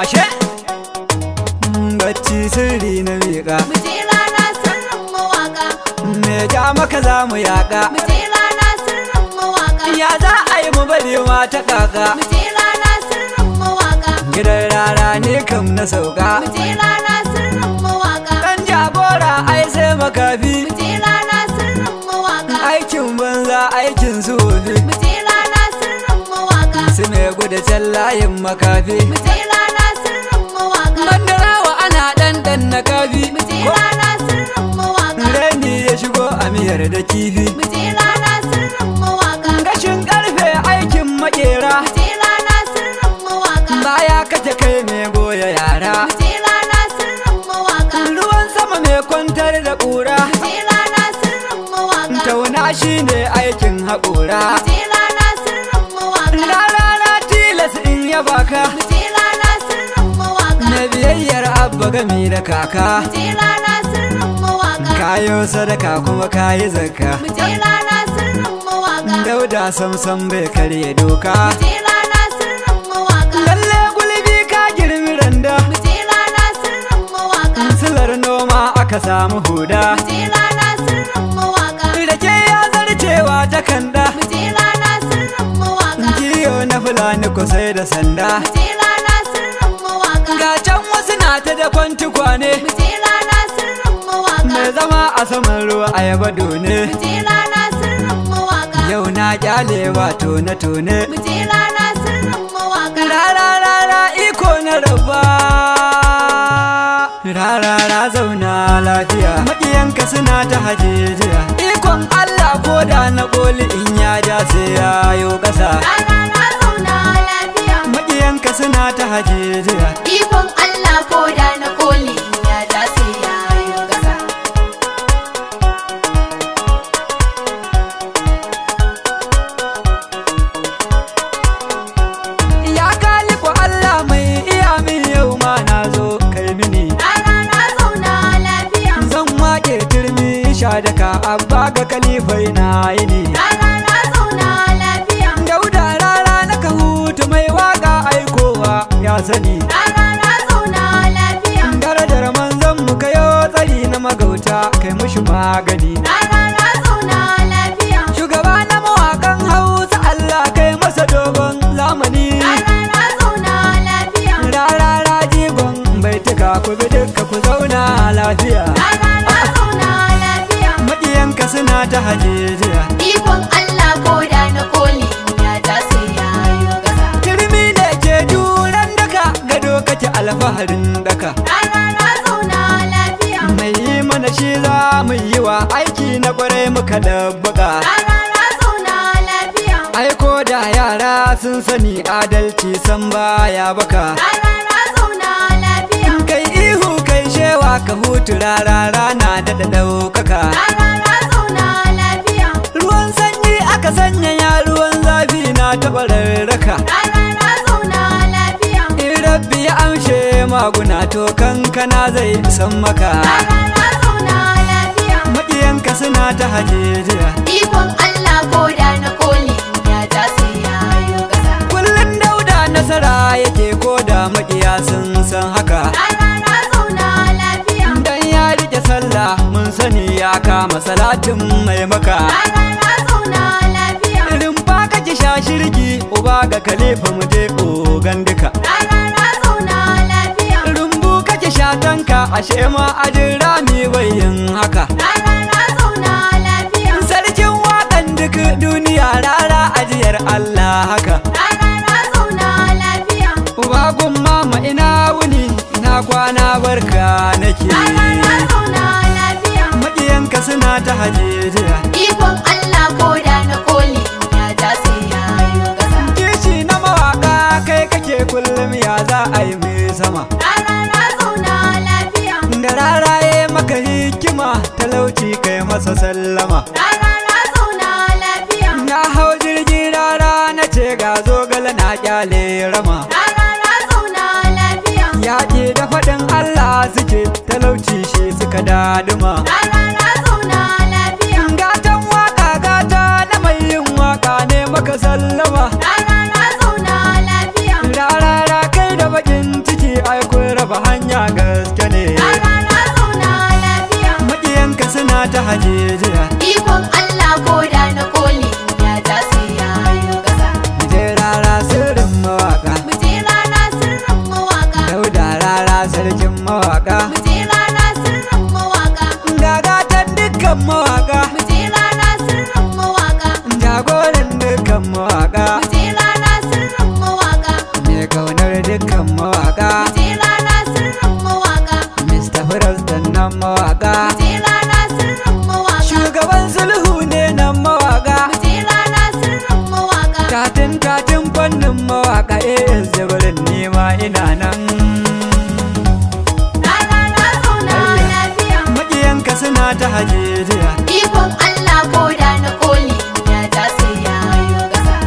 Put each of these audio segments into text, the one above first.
ashe mm, bacci sirri na miƙa Muje rana sirrin mawaƙa. me ja maka za mu yaƙa Muje rana sirrin mawaƙa. ya za a yi mu bari ma kaka ƙaƙa. je rana sirrin mawaƙa. gidan rana ne kam na sauka Muje rana sirrin mawaƙa. Ɗan jagora ai sai makafi Muje rana sirrin mawaƙa. aikin banza aikin zuwa mu je rana sirrin mawaƙa. su gudu can layin makafi mu rana ya kaje kai ne goya yara Jira na sirrin mawaka Ruwan sama mai kwantar da ƙura Jira na sirrin mawaka Tauna shi ne aikin haƙura Jira na sirrin mawaka Na la tilas in ya baka Jira na sirrin mawaka Na biyayyar abba gami da kaka Jira na sirrin mawaka Kayo sadaka kuma kayi zakka Jira na sirrin mawaka Dauda samsam bai karye doka Jira ka samu huda Mutila na sirrin mawaka Rake ya zarcewa jakanda Mutila na sirrin mawaka Kiyo na fulani kusai da sanda Mutila na sirrin mawaka Ga can wasu na ta da kwanci kwane Mutila na sirrin mawaka Mai zama a saman ruwa a yaba done Mutila na sirrin mawaka Yau na kyalewa tone tone Mutila na sirrin mawaka Rara rara iko na rabba Rara zama. ka suna ta hajejiya ikon Allah ko da na koli in ya ja sai yo ƙasa an baka kalifai na yini rana na zauna lafiya dauda rana na ka hutu mai waka aikowa ya sani rana na zauna lafiya darajar manzon mu gayo tsari na magauta kai mushi magani rana na zauna ka da buga Aiko da yara sun sani adalci san baya baka Kai ihu kai shewa ka hutu rara rana da da ɗaukaka Ruwan sanyi aka sanya ya ruwan zafi na taɓa rarraka In rabbi ya amshe maguna to kankana zai san maka jijiya ikon Allah ko da na koli ya ta yayo kasa Kullum dauda nasara yake ko da makiya sun san haka rana zauna lafiya dan ya rike sallah mun sani ya kama salatin mai maka rana zauna lafiya irin ka ki sha shirki uba ga kalifa mu je kogan duka tanka ashe ma ajin rami yin haka haka na zauna lafiya mama ina wuni ina kwana barka nake na zauna lafiya maƙiyanka suna ta hajejiya ikon Allah ko da na koli ya ja sai ya yi ƙasa. kishi na mawaƙa kai kake kullum ya za a yi mai sama na zauna lafiya da raraye maka hikima talauci kai masa sallama kyale rama na zauna lafiya yaƙi da faɗin Allah suke talauci shi suka daduma na zauna lafiya gatan waka gata na mai yin waka ne maka sallama na zauna lafiya rarara kai da bakin ciki ai raba hanya gaske ne na zauna lafiya maƙiyanka suna ta hajeje ina nan lafiya. Maƙiyanka suna ta hajeriya Ikon Allah ko da na koli ya ta ya yo gasa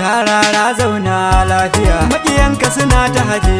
Rarara zauna lafiya Maƙiyanka suna ta hajeriya